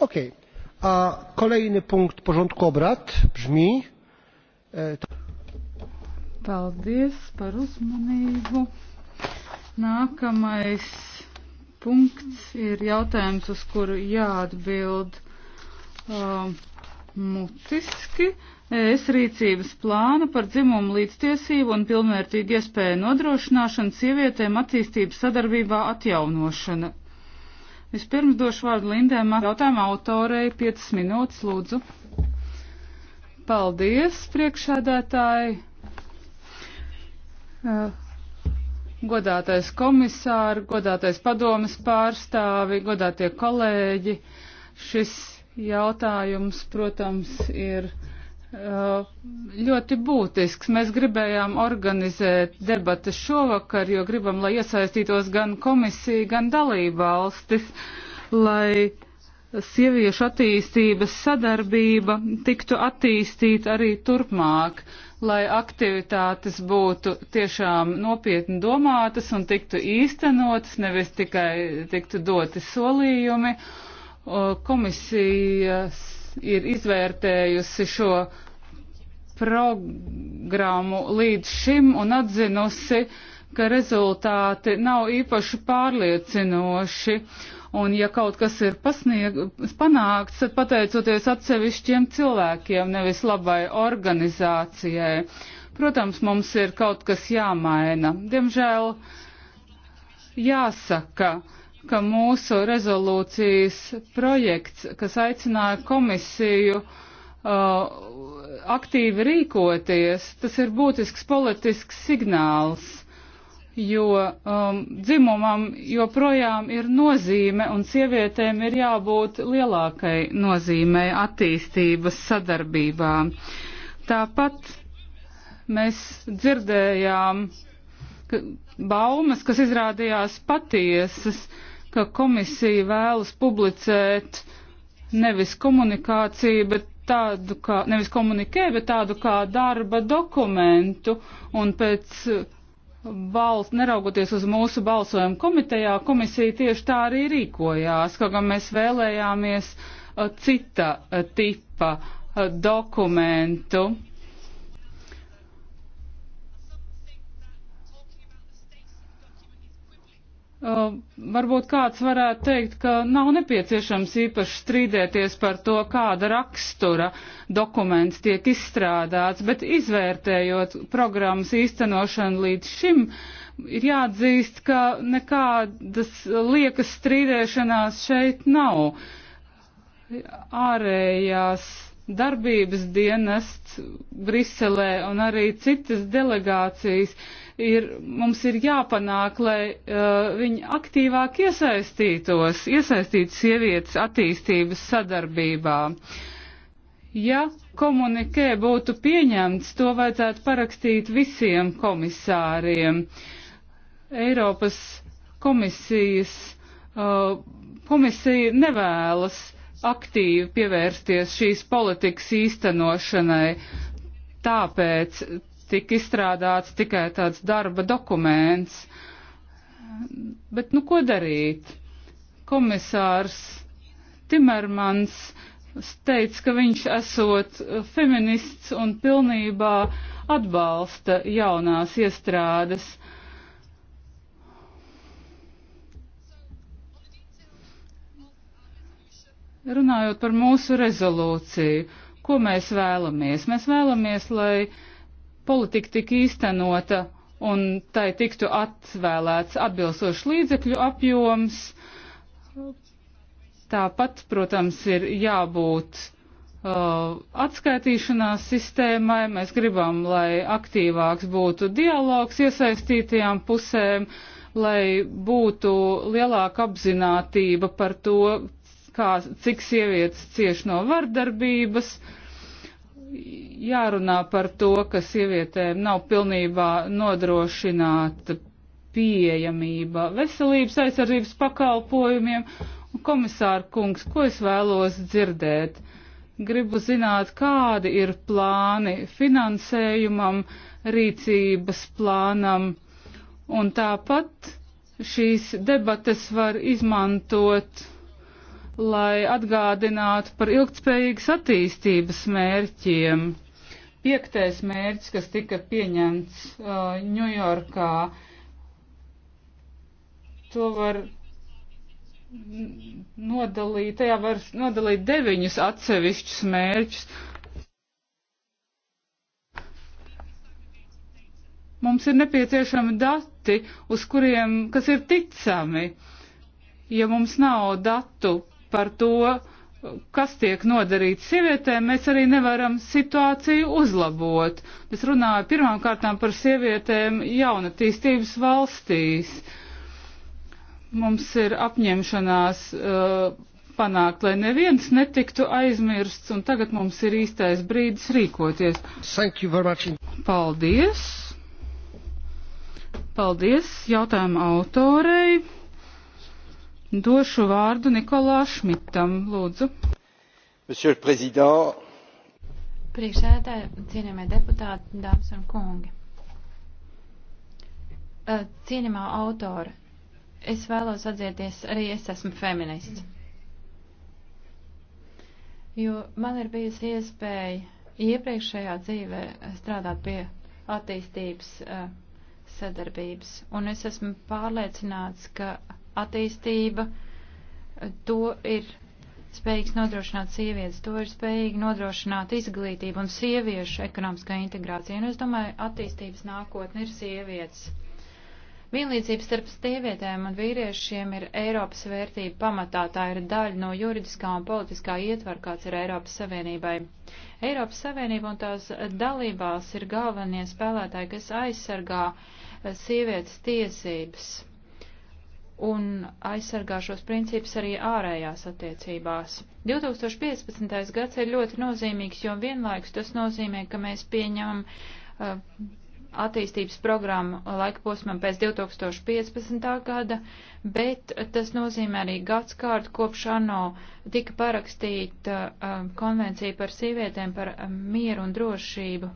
Okay. A kolejny punkt porządku obrad brzmi. E, Paldies par uzmanību. Nākamais punkts ir jautājums, uz kuru jāatbild uh, mutiski. Es rīcības plānu par dzimumu līdztiesību un pilnvērtīgu iespēju nodrošināšanu sievietēm attīstības sadarbībā atjaunošana. Vispirms došu vārdu Lindai jautājuma autorei 5 minūtes, lūdzu. Paldies, priekšādātāji. Eh, godātais komisāri, godātais padomas pārstāvi, godātie kolēģi. Šis jautājums, protams, ir Eh, ļoti būtisks. Mēs gribējām organizēt debatas šovakar, jo gribam, lai iesaistītos gan komisija, gan dalībvalstis, lai sieviešu attīstības sadarbība tiktu attīstīta arī turpmāk, lai aktivitātes būtu tiešām nopietni domātas un tiktu īstenotas, nevis tikai tiktu doti solījumi. Eh, Komisijas ir izvērtējusi šo programmu līdz šim un atzinusi, ka rezultāti nav īpaši pārliecinoši. Un ja kaut kas ir pasnieg, panākts, tad pateicoties atsevišķiem cilvēkiem, nevis labai organizācijai. Protams, mums ir kaut kas jāmaina. Diemžēl jāsaka, uh, ka mūsu rezolūcijas projekts, kas aicināja komisiju uh, aktīvi rīkoties, tas ir būtisks politisks signāls, jo um, dzimumam joprojām ir nozīme un sievietēm ir jābūt lielākai nozīmei attīstības sadarbībā. Tāpat mēs dzirdējām, ka baumas, kas izrādījās patiesas, ka komisija vēlas publicēt nevis komunikāciju, bet tādu kā, nevis komunikē, bet tādu kā darba dokumentu, un pēc uh, balss, neraugoties uz mūsu balsojumu komitejā, komisija tieši tā arī rīkojās, kaut gan mēs vēlējāmies uh, cita uh, tipa dokumentu. Uh, varbūt kāds varētu teikt, ka nav nepieciešams īpaši strīdēties par to, kāda rakstura dokuments tiek izstrādāts, bet izvērtējot programmas īstenošanu līdz šim, ir jāatzīst, ka nekādas liekas strīdēšanās šeit nav. Ārējās darbības dienests Briselē un arī citas delegācijas ir, mums ir jāpanāk, lai uh, viņi aktīvāk iesaistītos, iesaistītu sievietes attīstības sadarbībā. Ja komunikē būtu pieņemts, to vajadzētu parakstīt visiem komisāriem. Eiropas komisijas uh, komisija nevēlas aktīvi pievērsties šīs politikas īstenošanai. Tāpēc tika izstrādāts tikai tāds darba dokuments. Bet nu ko darīt? Komisārs Timermans teica, ka viņš esot feminists un pilnībā atbalsta jaunās iestrādes Runājot par mūsu rezolūciju, ko mēs vēlamies? Mēs vēlamies, lai politika tik īstenota un tai tiktu atvēlēts atbilstošs līdzekļu apjoms. Tāpat, protams, ir jābūt uh, atskaitīšanās sistēmai. Mēs gribam, lai aktīvāks būtu dialogs iesaistītajām pusēm, lai būtu lielāka apzinātība par to, kā, cik sievietes cieš no vardarbības. Jārunā par to, ka sievietēm nav pilnībā nodrošināta pieejamība veselības aizsardzības pakalpojumiem. Komisāra kungs, ko es vēlos dzirdēt? Gribu zināt, kādi ir plāni finansējumam, rīcības plānam, un tāpat šīs debates var izmantot lai atgādinātu par ilgtspējīgas attīstības mērķiem. Piektais mērķis, kas tika pieņemts uh, Ņujorkā, to var nodalīt, tajā var nodalīt deviņus atsevišķus mērķus. Mums ir nepieciešami dati, uz kuriem, kas ir ticami. Ja mums nav datu par to, kas tiek nodarīts sievietēm, mēs arī nevaram situāciju uzlabot. Es runāju pirmām kārtām par sievietēm jaunatīstības valstīs. Mums ir apņemšanās uh, panākt, lai neviens netiktu aizmirsts, un tagad mums ir īstais brīdis rīkoties. Paldies! Paldies jautājumu autorei! Došu vārdu Nikolā Šmitam, lūdzu. Monsieur le Président. Priekšsēdē, cienījamie deputāti, dāmas un kungi. Cienījamā autora, es vēlos atzīties, arī es esmu feminists. Jo man ir bijusi iespēja iepriekšējā dzīvē strādāt pie attīstības sadarbības, un es esmu pārliecināts, ka attīstība, to ir spējīgs nodrošināt sievietes, to ir spējīgi nodrošināt izglītību un sieviešu ekonomiskā integrācija. Un es domāju, attīstības nākotne ir sievietes. Vienlīdzība starp sievietēm un vīriešiem ir Eiropas vērtība pamatā, tā ir daļa no juridiskā un politiskā ietvara, kāds ir Eiropas Savienībai. Eiropas Savienība un tās dalībās ir galvenie spēlētāji, kas aizsargā sievietes tiesības un aizsargā šos principus arī ārējās attiecībās. 2015. gads ir ļoti nozīmīgs, jo vienlaikus tas nozīmē, ka mēs pieņemam uh, attīstības programmu laika posmam pēc 2015. gada, bet tas nozīmē arī gads kārt, kopš ANO tika parakstīta uh, konvencija par sievietēm par uh, mieru un drošību,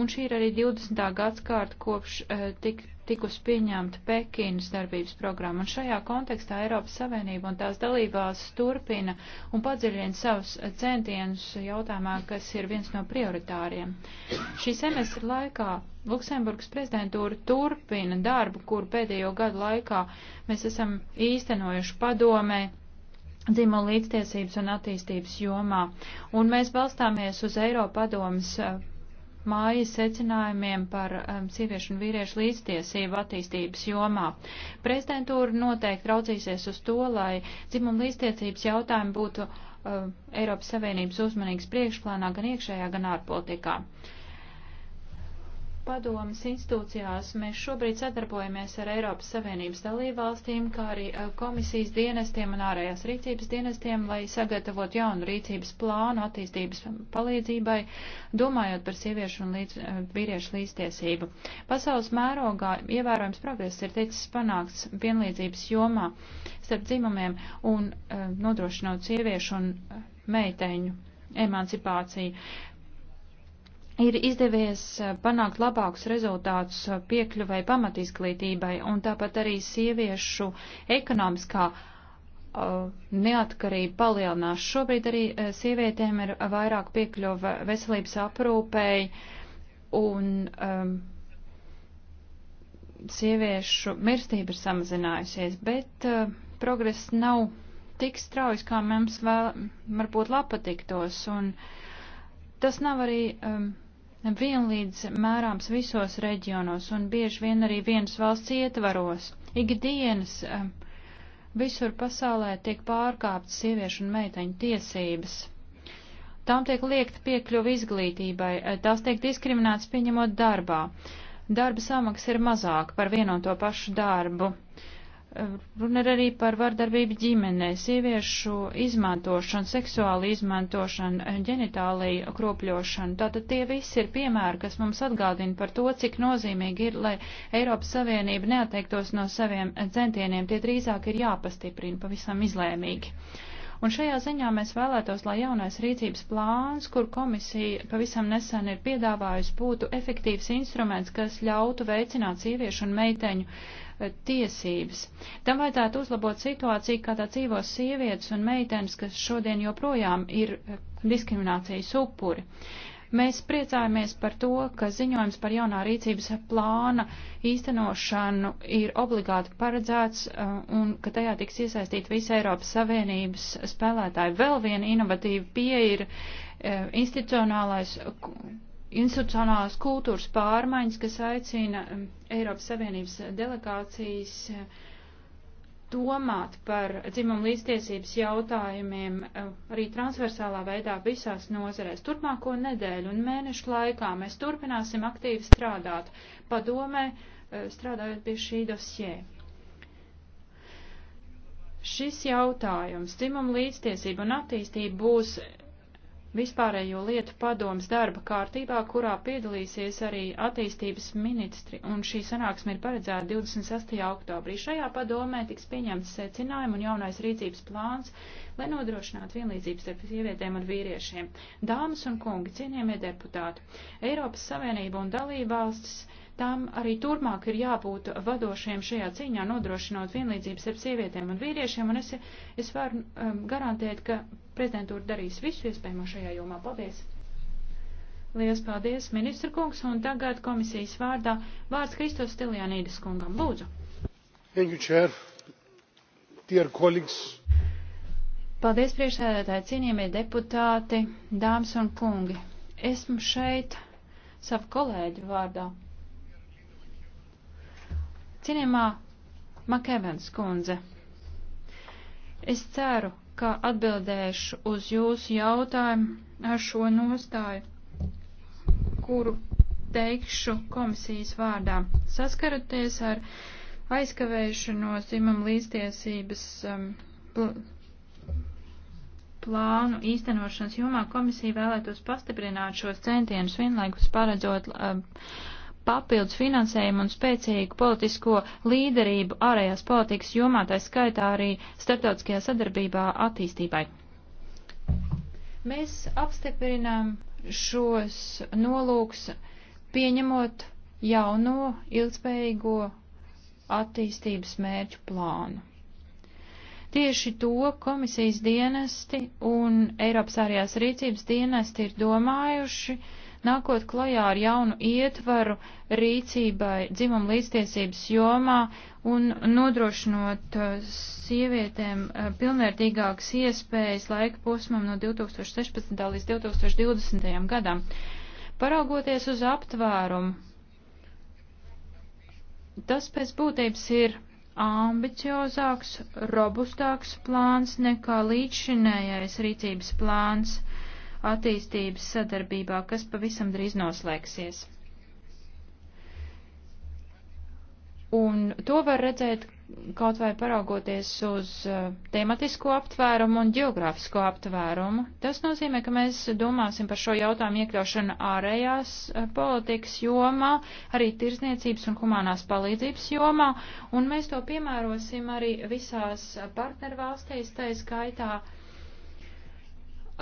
un šī ir arī 20. gads kārt, kopš uh, tika tikus pieņemta Pekinas darbības programma. Un šajā kontekstā Eiropas Savienība un tās dalībās turpina un padziļina savus centienus jautājumā, kas ir viens no prioritāriem. Šī semestra laikā Luksemburgas prezidentūra turpina darbu, kur pēdējo gadu laikā mēs esam īstenojuši padomē dzimuma līdztiesības un attīstības jomā. Un mēs balstāmies uz Eiropadomas eh, mājas secinājumiem par um, sieviešu un vīriešu līdztiesību attīstības jomā. Prezidentūra noteikti raucīsies uz to, lai dzimuma līdztiesības jautājumi būtu uh, Eiropas Savienības uzmanīgs priekšplānā gan iekšējā, gan ārpolitikā. Uh, padomas institūcijās mēs šobrīd sadarbojamies ar Eiropas Savienības dalībvalstīm, kā arī e, komisijas dienestiem un ārējās rīcības dienestiem, lai sagatavot jaunu rīcības plānu attīstības palīdzībai, domājot par sieviešu un līdz, e, vīriešu līdztiesību. Pasaules mērogā ievērojams progress ir ticis panākts vienlīdzības jomā starp dzimumiem un e, nodrošinot sieviešu un meiteņu emancipāciju ir izdevies eh, panākt labākus rezultātus eh, piekļuvai pamatizglītībai un tāpat arī sieviešu ekonomiskā uh, neatkarība palielinās. Šobrīd arī sievietēm ir vairāk piekļuva veselības aprūpei un um, sieviešu mirstība ir samazinājusies, bet uh, progress nav tik straujas, kā mums vēl varbūt labpatiktos. Un tas nav arī um, vienlīdz mērāms visos reģionos un bieži vien arī vienas valsts ietvaros. Ikdienas eh, visur pasaulē tiek pārkāptas sieviešu un meiteņu tiesības. Tām tiek liekta piekļuva izglītībai, eh, tās tiek diskriminētas pieņemot darbā. Darba samaksa ir mazāka par vienoto pašu darbu. Uh, Runa ir arī par vardarbību ģimenē, sieviešu izmantošanu, seksuālu izmantošanu, ģenitāliju kropļošanu. Tātad tie visi ir piemēri, kas mums atgādina par to, cik nozīmīgi ir, lai Eiropas Savienība neatteiktos no saviem centieniem. Tie drīzāk ir jāpastiprina pavisam izlēmīgi. Un šajā ziņā mēs vēlētos, lai jaunais rīcības plāns, kur komisija pavisam nesen ir piedāvājusi, būtu efektīvs instruments, kas ļautu veicināt sieviešu un meiteņu eh, tiesības. Tam vajadzētu uzlabot situāciju, kādā dzīvo sievietes un meitenes, kas šodien joprojām ir eh, diskriminācijas upuri. Uh, Mēs priecājamies par to, ka ziņojums par jaunā rīcības plāna īstenošanu ir obligāti paredzēts uh, un ka tajā tiks iesaistīt visi Eiropas Savienības spēlētāji. Vēl viena inovatīva pieeja ir uh, institucionālais institucionālās kultūras pārmaiņas, kas aicina um, Eiropas Savienības delegācijas uh, domāt par dzimumu līdztiesības jautājumiem eh, arī transversālā veidā visās nozarēs. Turpmāko nedēļu un mēnešu laikā mēs turpināsim aktīvi strādāt padomē, eh, strādājot pie šī dosjē. Šis jautājums, dzimumu līdztiesība un attīstība būs vispārējo lietu padomas darba kārtībā, kurā piedalīsies arī attīstības ministri, un šī sanāksme ir paredzēta 28. oktobrī. Šajā padomē tiks pieņemts secinājumi un jaunais rīcības plāns, lai nodrošinātu vienlīdzības starp sievietēm un vīriešiem. Dāmas un kungi, cienījamie deputāti, Eiropas Savienība un dalībvalstis. Tām arī turpmāk ir jābūt vadošiem šajā cīņā, nodrošinot vienlīdzības starp sievietēm un vīriešiem, un es, es varu um, garantēt, ka Prezidentūra darīs visu iespējamo šajā jomā. Paldies! Lielas paldies, ministra kungs, un tagad komisijas vārdā vārds Kristos Stilianīdis kungam. Lūdzu! Thank you, Chair. Dear colleagues. Paldies, priekšsēdētāji, cienījamie deputāti, dāmas un kungi. Esmu šeit savu kolēģu vārdā. Cienījamā Makevens kundze, es ceru, ka atbildēšu uz jūsu jautājumu ar šo nostāju, kuru teikšu komisijas vārdā. Saskaroties ar aizkavēšanos dzimam līdztiesības um, plānu īstenošanas jomā, komisija vēlētos pastiprināt šos centienus vienlaikus paredzot. Um, papildus finansējumu un spēcīgu politisko līderību ārējās politikas jomā, tā skaitā arī starptautiskajā sadarbībā attīstībai. Mēs apstiprinām šos nolūks, pieņemot jauno ilgspējīgo attīstības mērķu plānu. Tieši to komisijas dienesti un Eiropas ārējās rīcības dienesti ir domājuši, uh, nākot klajā ar jaunu ietvaru rīcībai dzimumu līdztiesības jomā un nodrošinot uh, sievietēm uh, pilnvērtīgākas iespējas laika posmam no 2016. līdz 2020. gadam. Paraugoties uz aptvērumu, tas pēc būtības ir ambiciozāks, robustāks plāns nekā līdzšinējais rīcības plāns attīstības sadarbībā, kas pavisam drīz noslēgsies. Un to var redzēt kaut vai paraugoties uz uh, tematisko aptvērumu un geogrāfisko aptvērumu. Tas nozīmē, ka mēs domāsim par šo jautājumu iekļaušanu ārējās uh, politikas jomā, arī tirzniecības un humanās palīdzības jomā, un mēs to piemērosim arī visās uh, partnervalstīs, tā skaitā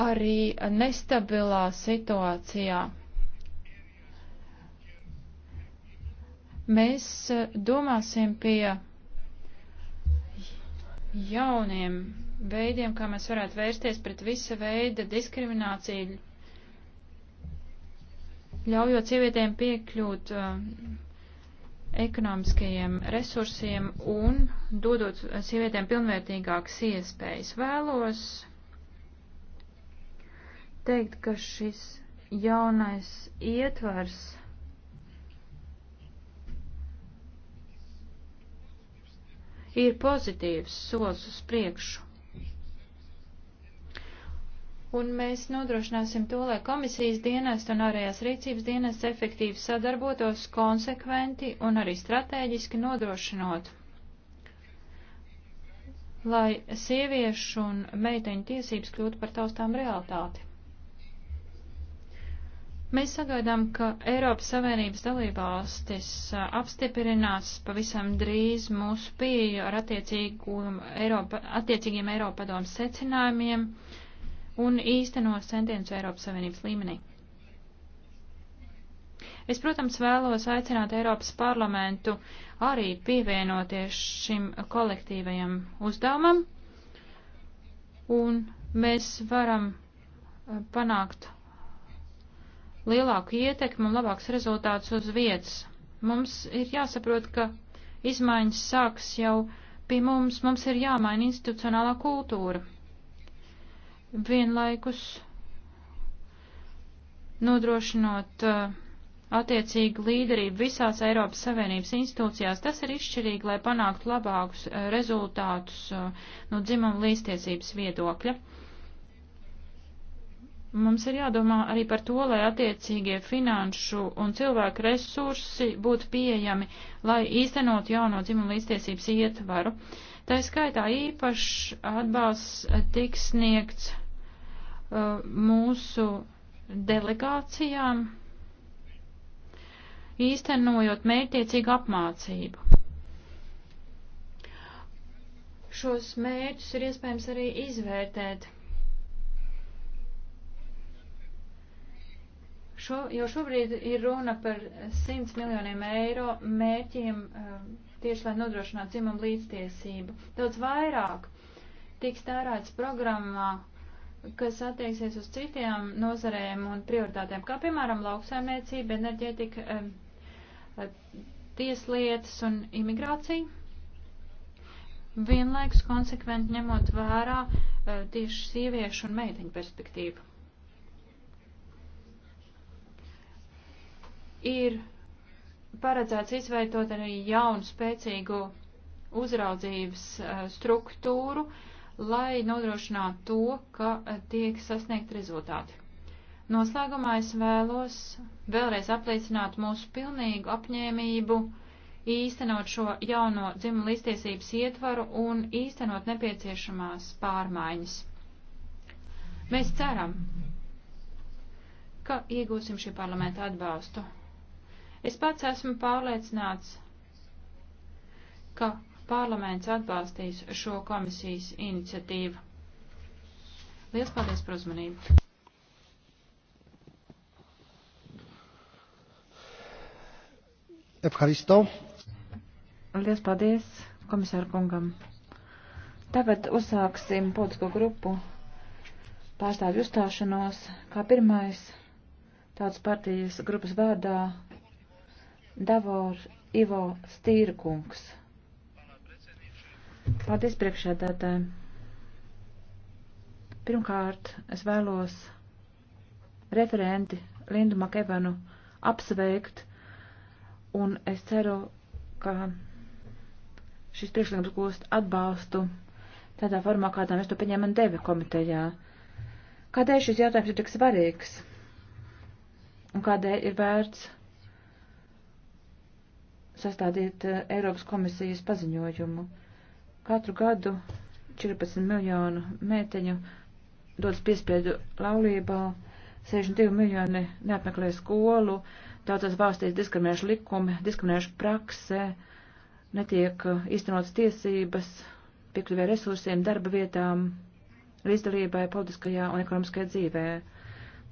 arī nestabilā situācijā. Mēs eh, domāsim pie jauniem veidiem, kā mēs varētu vērsties pret visa veida diskrimināciju, ļaujot sievietēm piekļūt uh, ekonomiskajiem resursiem un dodot sievietēm pilnvērtīgākas iespējas. Vēlos teikt, ka šis jaunais ietvers ir pozitīvs solis uz priekšu. Un mēs nodrošināsim to, lai komisijas dienas un ārējās rīcības dienas efektīvi sadarbotos konsekventi un arī strateģiski nodrošinot, lai sieviešu un meiteņu tiesības kļūtu par taustām realitāti. Mēs sagaidām, ka Eiropas Savienības dalībvalstis apstiprinās pavisam drīz mūsu pieeju ar Eiropa, attiecīgiem Eiropa padomu secinājumiem un īstenos centienus Eiropas Savienības līmenī. Es, protams, vēlos aicināt Eiropas parlamentu arī pievienoties šim kolektīvajam uzdevumam, un mēs varam panākt lielāku ietekmi un labāks rezultāts uz vietas. Mums ir jāsaprot, ka izmaiņas sāks jau pie mums, mums ir jāmaina institucionālā kultūra. Vienlaikus nodrošinot uh, attiecīgu līderību visās Eiropas Savienības institūcijās, tas ir izšķirīgi, lai panāktu labākus uh, rezultātus uh, no dzimuma līdztiesības viedokļa. Mums ir jādomā arī par to, lai attiecīgie finanšu un cilvēku resursi būtu pieejami, lai īstenot jauno dzimumu līdztiesības ietvaru. Tā skaitā īpašs atbalsts tiks sniegts uh, mūsu delegācijām, īstenojot mērķtiecīgu apmācību. Šos mērķus ir iespējams arī izvērtēt Šo, jo šobrīd ir runa par 100 miljoniem eiro mērķiem um, tieši, lai nodrošinātu dzimumu līdztiesību. Daudz vairāk tiks tērēts programmā, kas attieksies uz citiem nozarēm un prioritātēm, kā piemēram lauksaimniecība, enerģētika, um, tieslietas un imigrācija. Vienlaikus konsekventi ņemot vērā uh, tieši sieviešu un meiteņu perspektīvu. ir paredzēts izveidot arī jaunu spēcīgu uzraudzības eh, struktūru, lai nodrošinātu to, ka eh, tiek sasniegt rezultāti. Noslēgumā es vēlos vēlreiz apliecināt mūsu pilnīgu apņēmību īstenot šo jauno dzimumu līdztiesības ietvaru un īstenot nepieciešamās pārmaiņas. Mēs ceram, ka iegūsim šī parlamenta atbalstu. Es pats esmu pārliecināts, ka parlaments atbalstīs šo komisijas iniciatīvu. Lielas paldies par uzmanību! Evharisto. Lielas paldies komisāru kungam. Tagad uzsāksim politisko grupu pārstāvju uzstāšanos. Kā pirmais tautas partijas grupas vārdā Davor Ivo Stīrkungs. Paldies priekšēdētājiem. Pirmkārt, es vēlos referenti Lindu Makevanu apsveikt, un es ceru, ka šis priekšlikums gūst atbalstu tādā formā, kādā mēs to pieņēmām devi komitejā. Kādēļ šis jautājums ir tik svarīgs? Un kādēļ ir vērts sastādīt eh, Eiropas komisijas paziņojumu. Katru gadu 14 miljonu mēteņu dodas piespiedu laulībā, 62 miljoni neapmeklē skolu, daudzās valstīs diskriminējuši likumi, diskriminējuši praksē, netiek eh, īstenotas tiesības, piekļuvē resursiem, darba vietām, līdzdalībai politiskajā un ekonomiskajā dzīvē.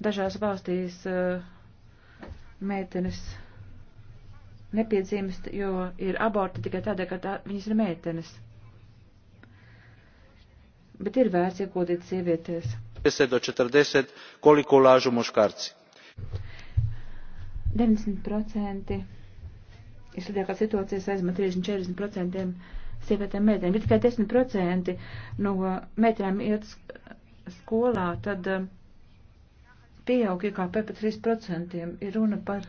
Dažās valstīs uh, eh, meitenes nepiedzimst, jo ir aborti tikai tādēļ, ka tā, viņas ir meitenes. Bet ir vērts iekodīt sievietēs. 10 do 40, koliko lažu muškarci? 90% ir sliktākā situācija saistībā ar 30-40% sievietēm meitenēm. Bet tikai 10% no meitenēm iet skolā, tad um, pieaug IKP par 3%. Ir runa par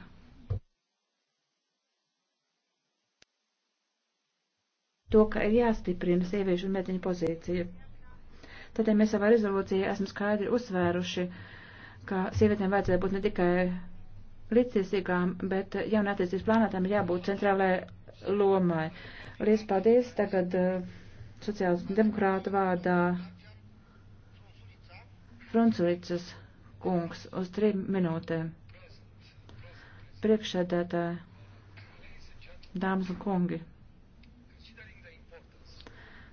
to, ka ir jāstiprina sieviešu un meiteņu pozīcija. Tādēļ ja mēs savā rezolūcijā esam skaidri uzsvēruši, ka sievietēm vajadzēja būt ne tikai līdztiesīgām, bet jaunattīstības plānātām ir jābūt centrālajai lomai. Lies paldies tagad eh, sociālas demokrāta vārdā Frunculicas kungs uz trim minūtēm. Priekšsēdētāji, dāmas un kungi.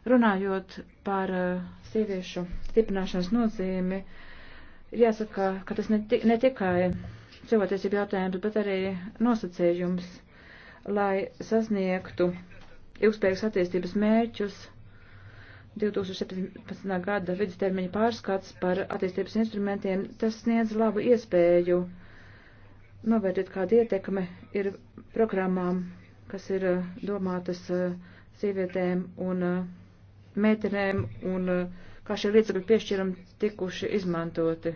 Runājot par eh, sieviešu stiprināšanas nozīmi, jāsaka, ka tas ne, ne tikai cilvēktiesību jautājums, bet arī nosacījums, lai sasniegtu ilgspējīgas attīstības mērķus 2017. gada vidustermiņa pārskats par attīstības instrumentiem, tas sniedz labu iespēju novērtēt, kāda ietekme ir programmām, kas ir eh, domātas eh, sievietēm un meitenēm un eh, kā šie līdzekļi piešķiram tikuši izmantoti.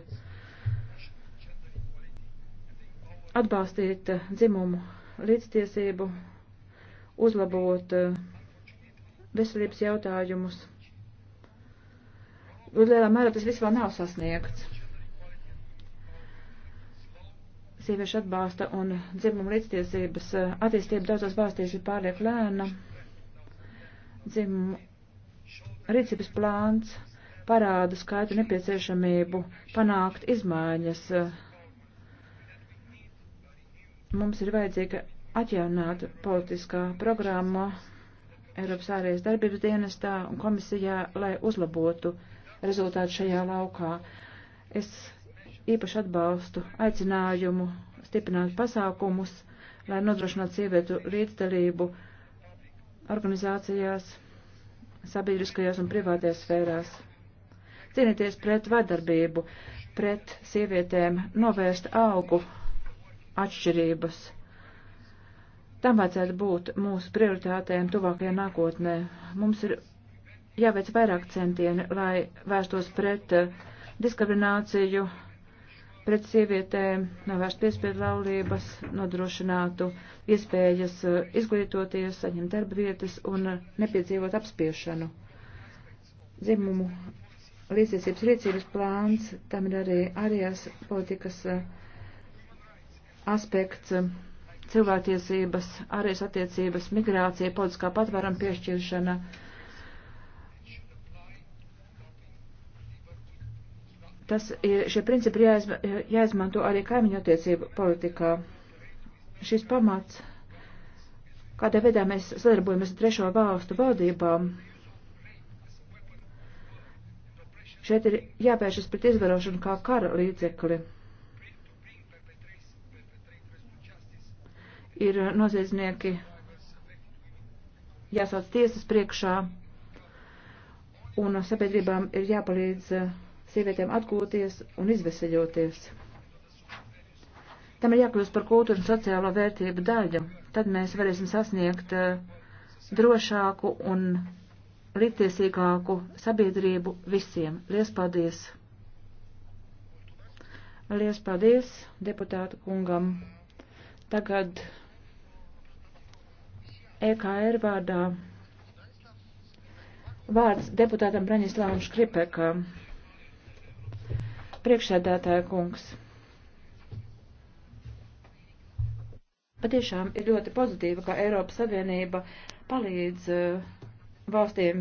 Atbalstīt eh, dzimumu līdztiesību, uzlabot eh, veselības jautājumus. Uz lielā mērā tas viss vēl nav sasniegts. Sieviešu atbalsta un dzimuma līdztiesības attīstība daudzās valstīs ir pārlieku lēna. Dzimuma rīcības plāns parāda skaitu nepieciešamību panākt izmaiņas. Mums ir vajadzīga atjaunāta politiskā programma Eiropas ārējas darbības dienestā un komisijā, lai uzlabotu rezultātu šajā laukā. Es īpaši atbalstu aicinājumu stiprināt pasākumus, lai nodrošinātu sievietu līdzdalību organizācijās sabiedriskajās un privātajās sfērās. Cīnīties pret vardarbību, pret sievietēm, novērst augu atšķirības. Tam vajadzētu būt mūsu prioritātēm tuvākajā nākotnē. Mums ir jāveic vairāk centieni, lai vērstos pret eh, diskrimināciju, pret sievietēm, novērst piespiedu laulības, nodrošinātu iespējas uh, izglītoties, saņemt darba vietas un uh, nepiedzīvot apspiešanu. Dzimumu līdziesības rīcības plāns, tam ir arī arijas politikas uh, aspekts, um, cilvēktiesības, arijas attiecības, migrācija, politiskā patvaram piešķiršana. Tas ir, šie principi jāizma, jāizmanto arī kaimiņu attiecību politikā. Šis pamats, kādā veidā mēs sadarbojamies ar trešo valstu valdībām, šeit ir jāpēršas pret izvarošanu kā kara līdzekli. Ir noziedznieki jāsauc tiesas priekšā, un sabiedrībām ir jāpalīdz uh, sievietēm atgūties un izveseļoties. Tam ir jākļūst par kultūru un sociālo vērtību daļu. Tad mēs varēsim sasniegt eh, drošāku un līdztiesīgāku sabiedrību visiem. Lies paldies! Lies paldies deputātu kungam. Tagad EKR vārdā vārds deputātam Braņislāvam Škripekam. Priekšsēdētāja kungs. Patiešām ir ļoti pozitīva, ka Eiropas Savienība palīdz eh, valstīm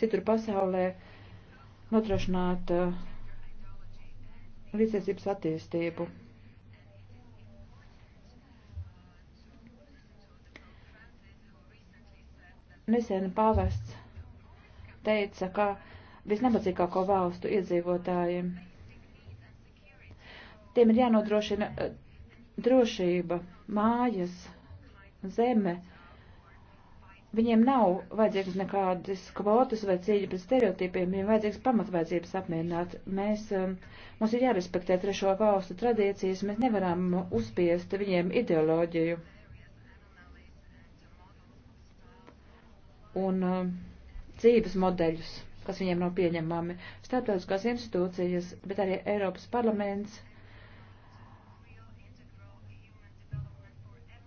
citur pasaulē nodrošināt eh, līdzsvarības attīstību. Nesen pāvests teica, ka visnabadzīgāko valstu iedzīvotājiem Tiem ir jānodrošina eh, drošība, mājas, zeme. Viņiem nav vajadzīgas nekādas kvotas vai cīņa pret stereotipiem, viņiem vajadzīgas pamatvajadzības apmierināt. Mēs, eh, mums ir jārespektē trešo valstu tradīcijas, mēs nevaram uzspiest viņiem ideoloģiju. Un eh, dzīves modeļus, kas viņiem nav pieņemami. Starptautiskās institūcijas, bet arī Eiropas parlaments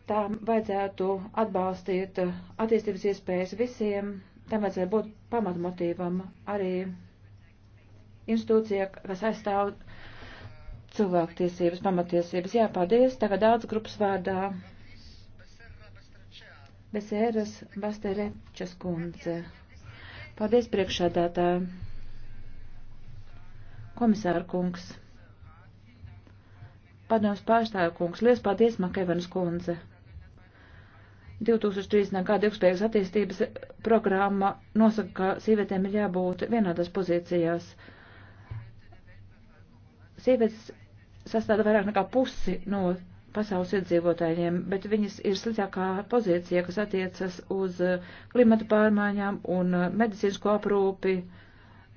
tām vajadzētu atbalstīt eh, attīstības iespējas visiem, tam vajadzētu būt pamatmotīvam arī institūcija, kas aizstāv cilvēktiesības, pamatiesības. Jā, paldies. Tagad daudz grupas vārdā. Besēras Basterečas kundze. Paldies priekšādātā. Komisāra kungs. Padoms pārstāvja kungs. Lies paldies, Makevenas kundze. 2030. gada ilgspējīgas attīstības programma nosaka, ka sievietēm ir jābūt vienādās pozīcijās. Sievietes sastāda vairāk nekā pusi no pasaules iedzīvotājiem, bet viņas ir sliktākā pozīcija, kas attiecas uz uh, klimata pārmaiņām un uh, medicīnisko aprūpi,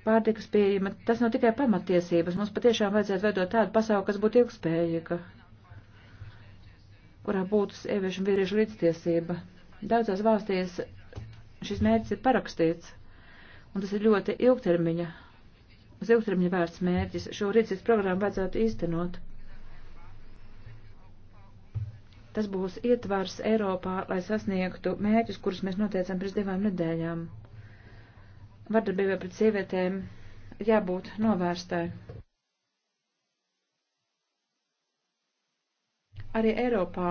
pārtikas pieejama. Tas nav tikai pamatiesības, mums patiešām vajadzētu veidot tādu pasauli, kas būtu ilgspējīga kurā būtu sieviešu un vīriešu līdztiesība. Daudzās valstīs šis mērķis ir parakstīts, un tas ir ļoti ilgtermiņa, uz ilgtermiņa vērts mērķis. Šo rīcības programmu vajadzētu īstenot. Tas būs ietvars Eiropā, lai sasniegtu mērķus, kurus mēs noteicām pirms divām nedēļām. Vardarbībai pret sievietēm jābūt novērstai. Arī Eiropā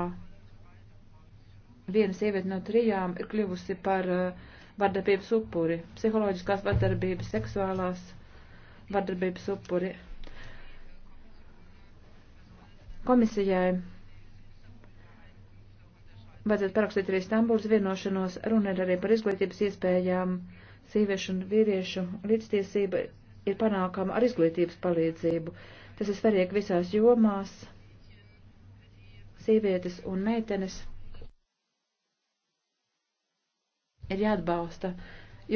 viena sieviete no trijām ir kļuvusi par eh, vardarbības upuri, psiholoģiskās vardarbības, seksuālās vardarbības upuri. Komisijai vajadzētu parakstīt arī Stambuls vienošanos, runa ir arī par izglītības iespējām, sieviešu un vīriešu līdztiesība ir panākama ar izglītības palīdzību. Tas ir svarīgi visās jomās sievietes un meitenes ir jāatbalsta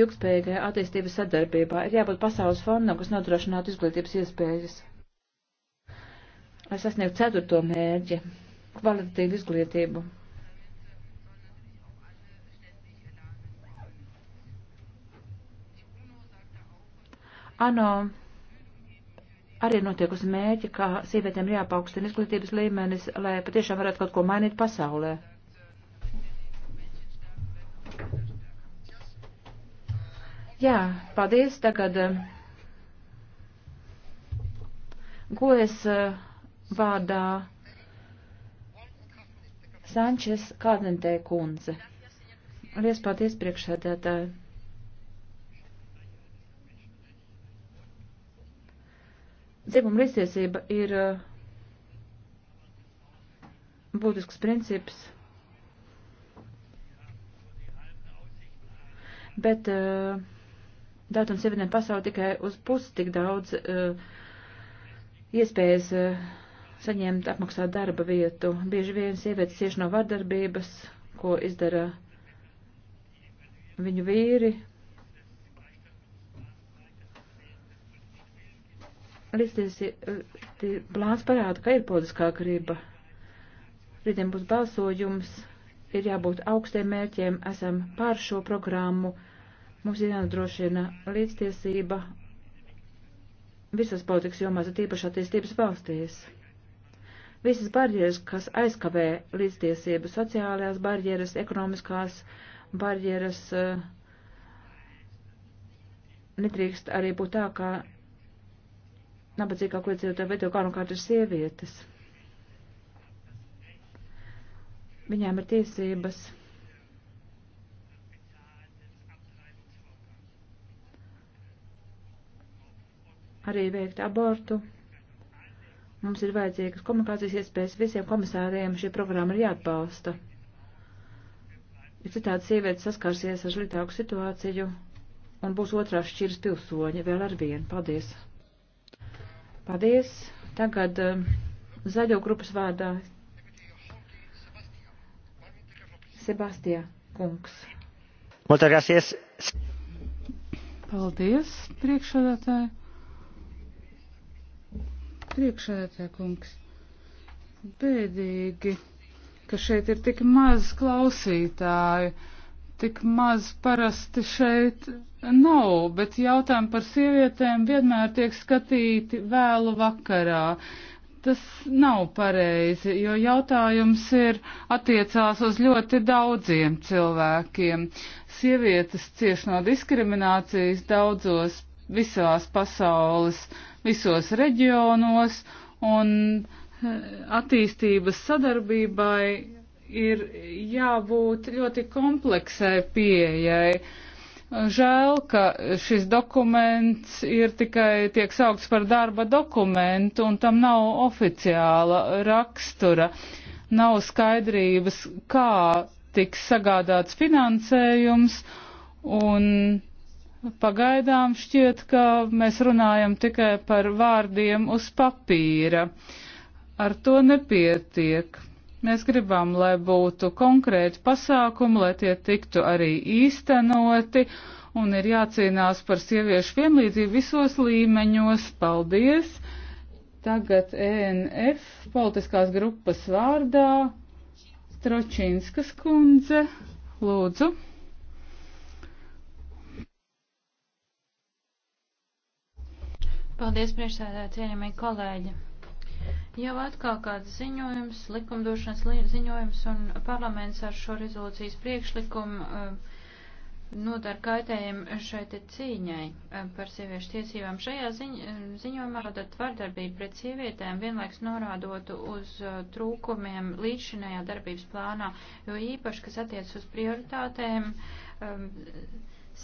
ilgspējīgai attīstības sadarbībā, ir jābūt pasaules fondam, kas nodrošinātu izglītības iespējas. Lai sasniegtu ceturto mērķi - kvalitatīvu izglītību. Ano, arī notiekusi mērķi, ka sievietēm ir jāpaukstina izglītības līmenis, lai patiešām varētu kaut ko mainīt pasaulē. Jā, paldies. Tagad eh, gojas eh, vārdā Sančes Kādentē kundze. Lies paldies priekšsēdētāji. Dzimuma līdztiesība ir uh, būtisks princips, bet uh, datums sievietēm pasauli tikai uz pusi tik daudz uh, iespējas uh, saņemt apmaksāt darba vietu. Bieži vien sievietes cieši no vardarbības, ko izdara viņu vīri, Līdz plāns parāda, ka ir politiskā griba. Rītdien būs balsojums, ir jābūt augstiem mērķiem, esam pār šo programmu. Mums ir jānodrošina līdztiesība visas politikas jomās, ir tīpaši attīstības valstīs. Visas barjeras, kas aizkavē līdztiesību, sociālās barjeras, ekonomiskās barjeras, eh, nedrīkst arī būt tā, ka nabadzīgāko iedzīvotāju veido galvenokārt ir sievietes. Viņām ir tiesības. arī veikt abortu. Mums ir vajadzīgas komunikācijas iespējas visiem komisāriem, šī programma ir jāatbalsta. Ja citādi sievietes saskarsies ar sliktāku situāciju un būs otrās šķiras pilsoņi vēl ar vienu. Paldies! Paldies. Tagad um, zaļo grupas vārdā Sebastija kungs. Muchas gracias. Paldies, priekšsēdētāji. Priekšsēdētāji kungs. Bēdīgi, ka šeit ir tik maz klausītāju tik maz parasti šeit nav, bet jautājumi par sievietēm vienmēr tiek skatīti vēlu vakarā. Tas nav pareizi, jo jautājums ir attiecās uz ļoti daudziem cilvēkiem. Sievietes cieš no diskriminācijas daudzos visās pasaules, visos reģionos un eh, attīstības sadarbībai ir jābūt ļoti kompleksai pieejai. Žēl, ka šis dokuments ir tikai tiek saukts par darba dokumentu un tam nav oficiāla rakstura. Nav skaidrības, kā tiks sagādāts finansējums un pagaidām šķiet, ka mēs runājam tikai par vārdiem uz papīra. Ar to nepietiek. Mēs gribam, lai būtu konkrēti pasākumi, lai tie tiktu arī īstenoti un ir jācīnās par sieviešu vienlīdzību visos līmeņos. Paldies! Tagad ENF politiskās grupas vārdā Stročinskas kundze. Lūdzu. Paldies, priekšsēdētāji, cienījamie kolēģi. Jau atkal kāds ziņojums, likumdošanas ziņojums un parlaments ar šo rezolūcijas priekšlikumu eh, nodara kaitējumu šeit cīņai eh, par sieviešu tiesībām. Šajā ziņ, ziņojumā rodat vardarbību pret sievietēm, vienlaiks norādot uz eh, trūkumiem līdzšinējā darbības plānā, jo īpaši, kas attiec uz prioritātēm,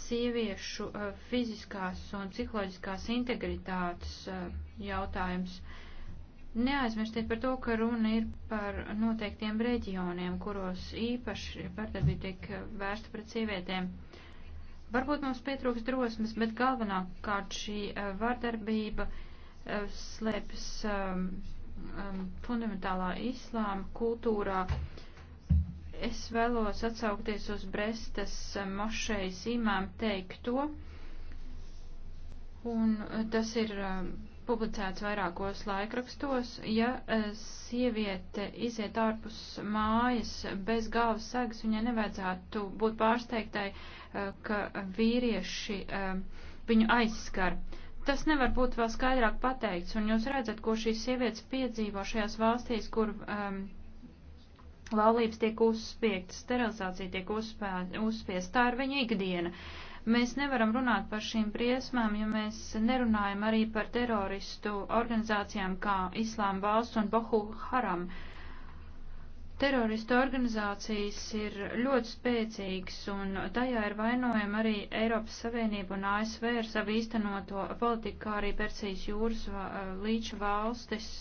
sieviešu fiziskās un psiholoģiskās integritātes jautājums. Neaizmirstiet par to, ka runa ir par noteiktiem reģioniem, kuros īpaši vardarbība tiek vērsta pret sievietēm. Varbūt mums pietrūks drosmes, bet galvenākārt šī eh, vardarbība eh, slēpjas um, um, fundamentālā islāma kultūrā. Es vēlos atsaukties uz Brestas eh, mošejas imām teikto, un tas ir. Um, publicēts vairākos laikrakstos, ja e, sieviete iziet ārpus mājas bez galvas segas, viņai nevajadzētu būt pārsteigtai, e, ka vīrieši e, viņu aizskar. Tas nevar būt vēl skaidrāk pateikts, un jūs redzat, ko šīs sievietes piedzīvo šajās valstīs, kur um, laulības tiek uzspiegtas, sterilizācija tiek uzspiesta, tā ir viņa ikdiena. Uh, Mēs nevaram runāt par šīm briesmām, ja mēs nerunājam arī par teroristu organizācijām kā Islāma valsts un Bohu Haram. Teroristu organizācijas ir ļoti spēcīgas, un tajā ir vainojama arī Eiropas Savienība un ASV ar savu īstenoto politiku, kā arī Persijas jūras līča valstis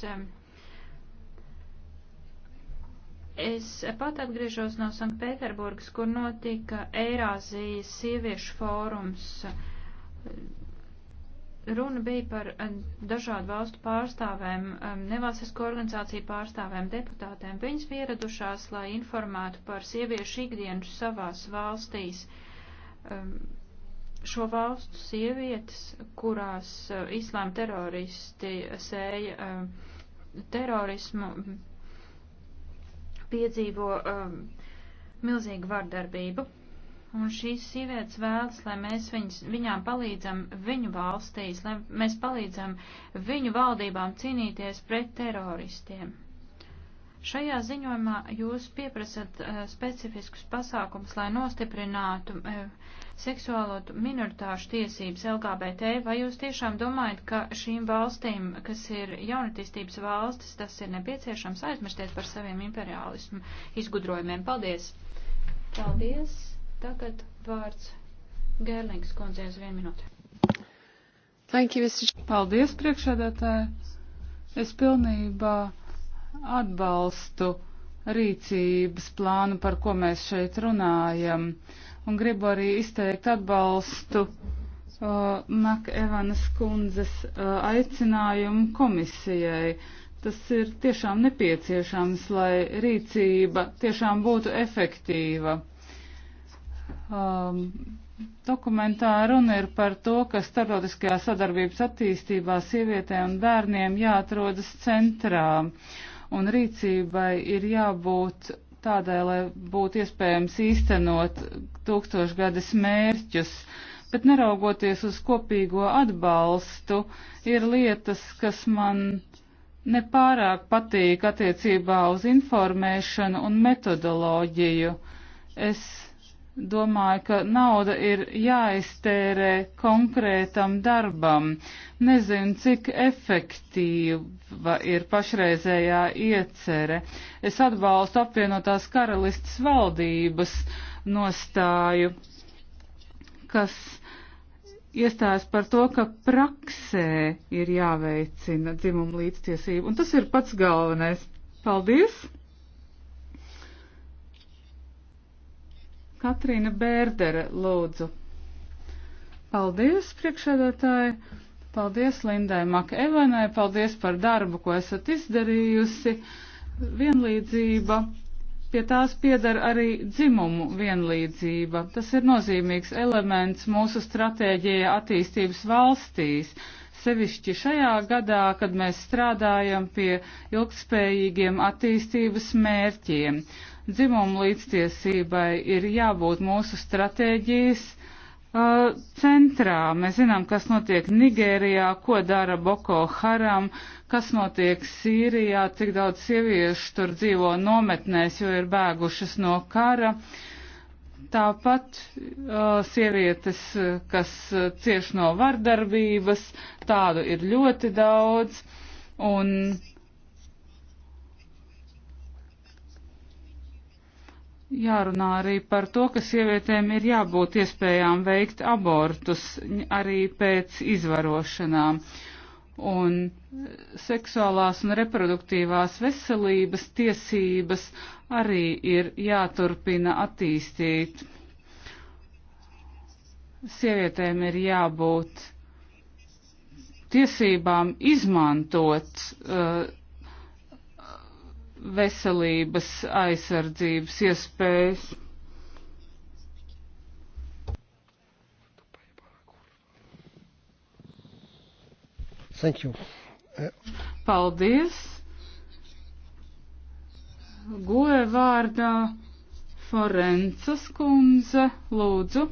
Es pat atgriežos no Sanktpēterburgas, kur notika Eirāzijas sieviešu fórums. Runa bija par eh, dažādu valstu pārstāvēm, eh, nevalstisko organizāciju pārstāvēm, deputātēm. Viņas pieradušās, lai informētu par sieviešu ikdienu savās valstīs. Ehm, šo valstu sievietes, kurās eh, islāma teroristi sēja terorismu, piedzīvo um, milzīgu vardarbību. Un šīs sievietes vēlas, lai mēs viņas, viņām palīdzam viņu valstīs, lai mēs palīdzam viņu valdībām cīnīties pret teroristiem. Šajā ziņojumā jūs pieprasat uh, specifiskus pasākums, lai nostiprinātu uh, seksuālo minoritāšu tiesības LGBT, vai jūs tiešām domājat, ka šīm valstīm, kas ir jaunatistības valstis, tas ir nepieciešams aizmirsties par saviem imperialismu izgudrojumiem? Paldies! Paldies! Tagad vārds Gerlings kundzei uz vienu minūti. Thank you, Mr. Paldies, priekšādātāji! Es pilnībā atbalstu rīcības plānu, par ko mēs šeit runājam. Uh, un gribu arī izteikt atbalstu uh, Makevanas kundzes uh, aicinājumu komisijai. Tas ir tiešām nepieciešams, lai rīcība tiešām būtu efektīva. Um, dokumentā runa ir par to, ka starptautiskajā sadarbības attīstībā sievietēm un bērniem jāatrodas centrā, un rīcībai ir jābūt tādai, lai būtu iespējams īstenot tūkstošgades mērķus. Bet neraugoties uz kopīgo atbalstu, ir lietas, kas man nepārāk patīk attiecībā uz informēšanu un metodoloģiju. Es domāju, ka nauda ir jāiztērē konkrētam darbam. Nezinu, cik efektīva ir pašreizējā iecere. Es atbalstu apvienotās karalistas valdības nostāju, kas iestājas par to, ka praksē ir jāveicina dzimumu līdztiesību. Un tas ir pats galvenais. Paldies! Katrīna Bērdere, lūdzu. Paldies, priekšēdētāji. Paldies Lindai Makevenai, paldies par darbu, ko esat izdarījusi. Vienlīdzība, pie tās piedara arī dzimumu vienlīdzība. Tas ir nozīmīgs elements mūsu stratēģijā attīstības valstīs sevišķi šajā gadā, kad mēs strādājam pie ilgspējīgiem attīstības mērķiem. Dzimumu līdztiesībai ir jābūt mūsu stratēģijas uh, centrā. Mēs zinām, kas notiek Nigērijā, ko dara Boko Haram, kas notiek Sīrijā, cik daudz sieviešu tur dzīvo nometnēs, jo ir bēgušas no kara. Tāpat uh, sievietes, kas uh, cieš no vardarbības, tādu ir ļoti daudz. Un uh, Jārunā arī par to, ka sievietēm ir jābūt iespējām veikt abortus arī pēc izvarošanām. Un seksuālās un reproduktīvās veselības tiesības arī ir jāturpina attīstīt. Sievietēm ir jābūt tiesībām izmantot uh, veselības aizsardzības iespējas. Thank you. Paldies. Goe vārdā Forencas kundze, lūdzu.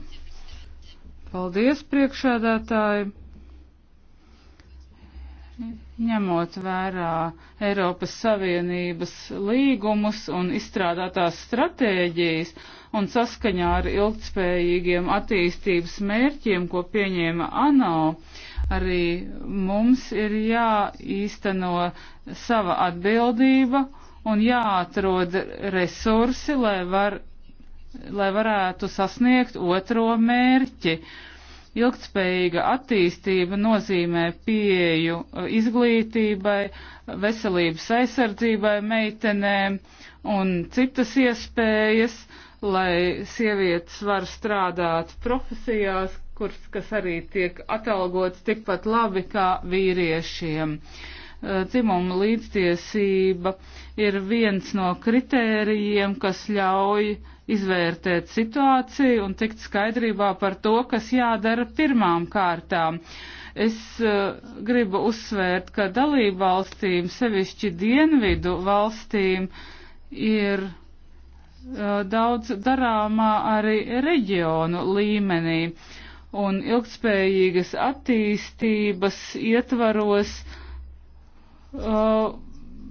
Paldies, priekšādātāji ņemot vērā Eiropas Savienības līgumus un izstrādātās stratēģijas un saskaņā ar ilgtspējīgiem attīstības mērķiem, ko pieņēma ANO, arī mums ir jāīsteno sava atbildība un jāatrod resursi, lai, var, lai varētu sasniegt otro mērķi. Uh, Ilgtspējīga attīstība nozīmē pieeju uh, izglītībai, veselības aizsardzībai meitenēm un citas iespējas, lai sievietes var strādāt profesijās, kurs, kas arī tiek atalgots tikpat labi kā vīriešiem. Uh, dzimuma līdztiesība ir viens no kritērijiem, kas ļauj izvērtēt situāciju un tikt skaidrībā par to, kas jādara pirmām kārtām. Es uh, gribu uzsvērt, ka dalību valstīm, sevišķi dienvidu valstīm, ir uh, daudz darāmā arī reģionu līmenī un ilgspējīgas attīstības ietvaros. Uh,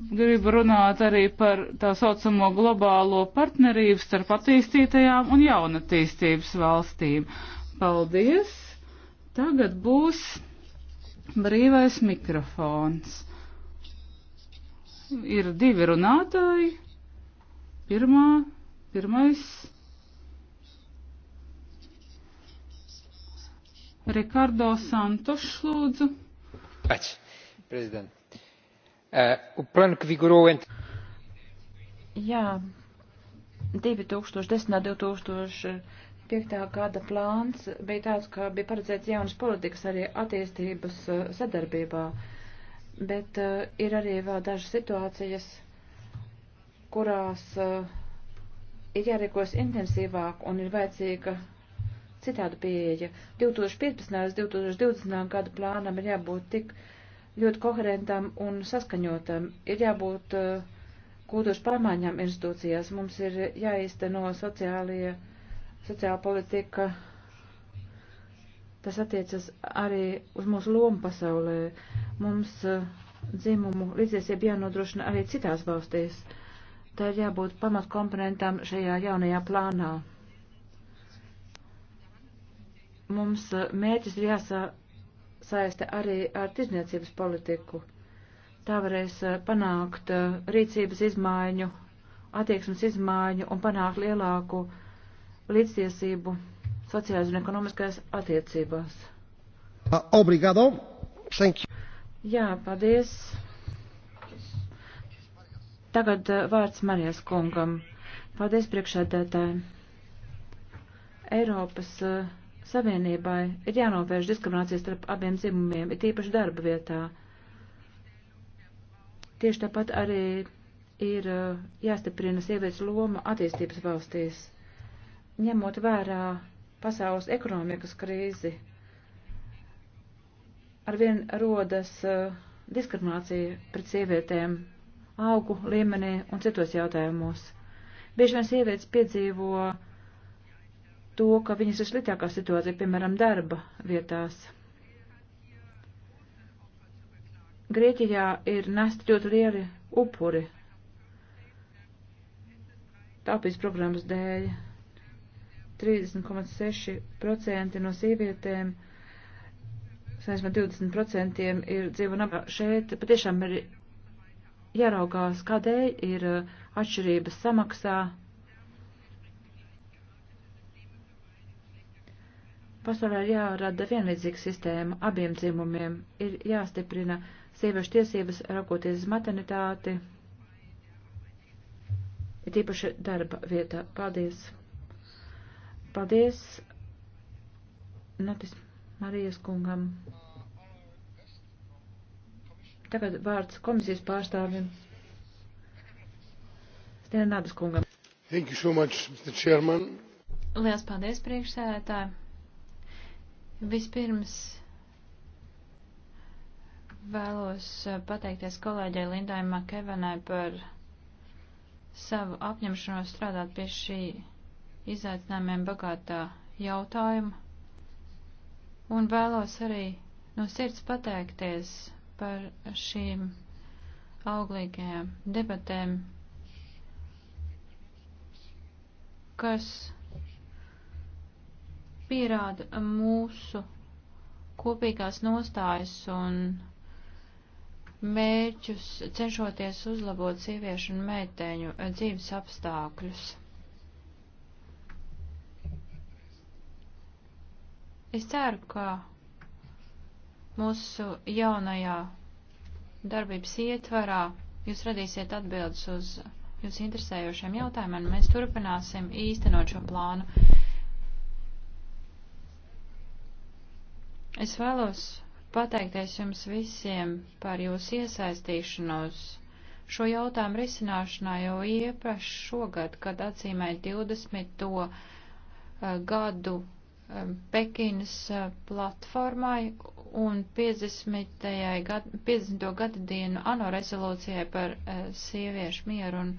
gribu runāt arī par tā saucamo globālo partnerību starp attīstītajām un jaunatīstības valstīm. Paldies! Tagad būs brīvais mikrofons. Ir divi runātāji. Pirmā, pirmais. Rikardo Santošs lūdzu. Pēc, prezident o eh, plano que vigorou entre. Jā, 2010. un 2005. gada plāns bija tāds, ka bija paredzēts jaunas politikas arī attīstības eh, sadarbībā, bet uh, ir arī vēl dažas situācijas, kurās uh, ir jārīkos intensīvāk un ir vajadzīga citāda pieeja. 2015. un 2020. gada plānam ir jābūt tik uh, ļoti koherentam un saskaņotam. Ir jābūt eh, kultūras pārmaiņām institūcijās. Mums ir jāīsteno sociālie, sociāla politika. Tas attiecas arī uz mūsu lomu pasaulē. Mums eh, dzimumu līdziesība jānodrošina arī citās valstīs. Tā ir jābūt pamatkomponentam šajā jaunajā plānā. Mums eh, mērķis ir jāsa saiste arī ar tirdzniecības politiku. Tā varēs eh, panākt eh, rīcības izmaiņu, attieksmes izmaiņu un panākt lielāku līdztiesību sociālās un ekonomiskās attiecībās. Ah, obrigado. Thank you. Jā, paldies. Tagad eh, vārds Marijas kungam. Paldies priekšādētājiem. Eiropas uh, Savienībai ir jānovērš diskriminācijas starp abiem dzimumiem, ir tīpaši darba vietā. Tieši tāpat arī ir uh, jāstiprina sievietes loma attīstības valstīs, ņemot vērā pasaules ekonomikas krīzi. Arvien rodas uh, diskriminācija pret sievietēm augu līmenī un citos jautājumos. Bieži vien sievietes piedzīvo to, ka viņas ir sliktākā situācija, piemēram, darba vietās. Grieķijā ir nesti ļoti lieli upuri tāpīs programmas dēļ. 30,6% no sievietēm, 20% ir dzīvo nabā. Šeit patiešām ir jāraugās, kādēļ ir uh, atšķirības samaksā. Pasaulē jārada vienlīdzīga sistēma abiem dzimumiem, ir jāstiprina sieviešu tiesības raugoties uz maternitāti, ir tīpaši darba vietā. Paldies! Paldies Notis Marijas kungam. Tagad vārds komisijas pārstāvim. Stenādas kungam. Thank you so much, Mr. Chairman. Lielas paldies, priekšsēdētāji. Vispirms vēlos eh, pateikties kolēģei Lindai Makevenai par savu apņemšanos strādāt pie šī izaicinājumiem bagātā jautājuma. Un vēlos arī no sirds pateikties par šīm auglīgajām debatēm, kas pierāda mūsu kopīgās nostājas un mērķus, cenšoties uzlabot sieviešu un meiteņu dzīves apstākļus. Es ceru, ka mūsu jaunajā darbības ietvarā jūs radīsiet atbildes uz jūs interesējošiem jautājumiem, un mēs turpināsim īstenot šo plānu. Es vēlos pateikties jums visiem par jūsu iesaistīšanos šo jautājumu risināšanā, jo iepriekš šogad, kad atzīmēja 20. Eh, gadu eh, Pekinas eh, platformai un 50. Gad, 50. gada dienu ANO rezolūcijai par sieviešu mieru un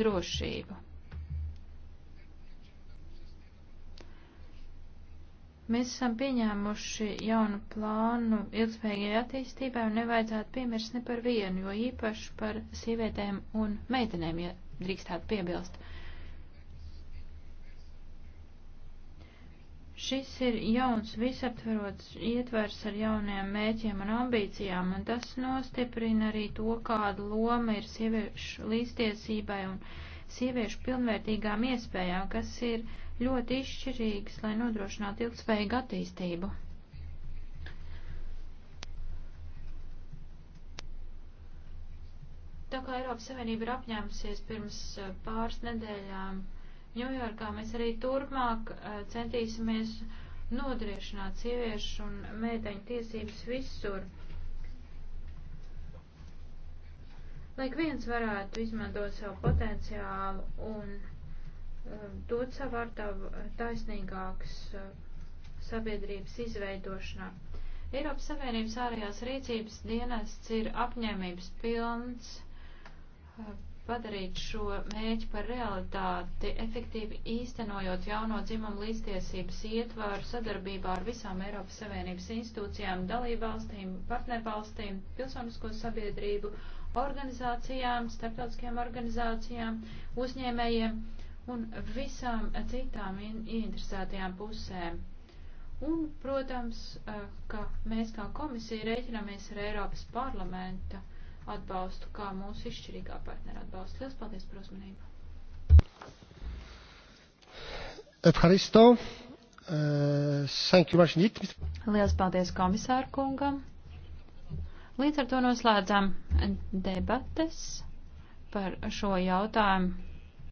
drošību. Mēs esam pieņēmuši jaunu plānu ilgspējīgai attīstībai un nevajadzētu piemirst ne par vienu, jo īpaši par sievietēm un meitenēm, ja drīkstētu piebilst. Šis ir jauns visaptverots ietvers ar jauniem mēķiem un ambīcijām, un tas nostiprina arī to, kāda loma ir sieviešu līdztiesībai un sieviešu pilnvērtīgām iespējām, kas ir ļoti izšķirīgas, lai nodrošinātu ilgspējīgu attīstību. Tā kā Eiropas Savienība ir apņēmusies pirms eh, pāris nedēļām Ņujorkā, mēs arī turpmāk eh, centīsimies nodriešināt sieviešu un mēdeņu tiesības visur. Lai viens varētu izmantot savu potenciālu un Um, dod savu vārdā uh, taisnīgākas uh, sabiedrības izveidošanā. Eiropas Savienības ārējās rīcības dienests ir apņēmības pilns uh, padarīt šo mēķi par realitāti, efektīvi īstenojot jauno dzimumu līdztiesības ietvaru sadarbībā ar visām Eiropas Savienības institūcijām, dalībvalstīm, partnervalstīm, pilsonisko sabiedrību, organizācijām, starptautiskajām organizācijām, uzņēmējiem. Uh, un visām citām ieinteresētajām pusēm. Un, protams, eh, ka mēs kā komisija rēķināmies ar Eiropas parlamenta atbalstu, kā mūsu izšķirīgā partnera atbalstu. Lielas paldies par uzmanību! Evharisto, uh, thank you much indeed. Lielas paldies komisāru kungam. Līdz ar to noslēdzam debates par šo jautājumu.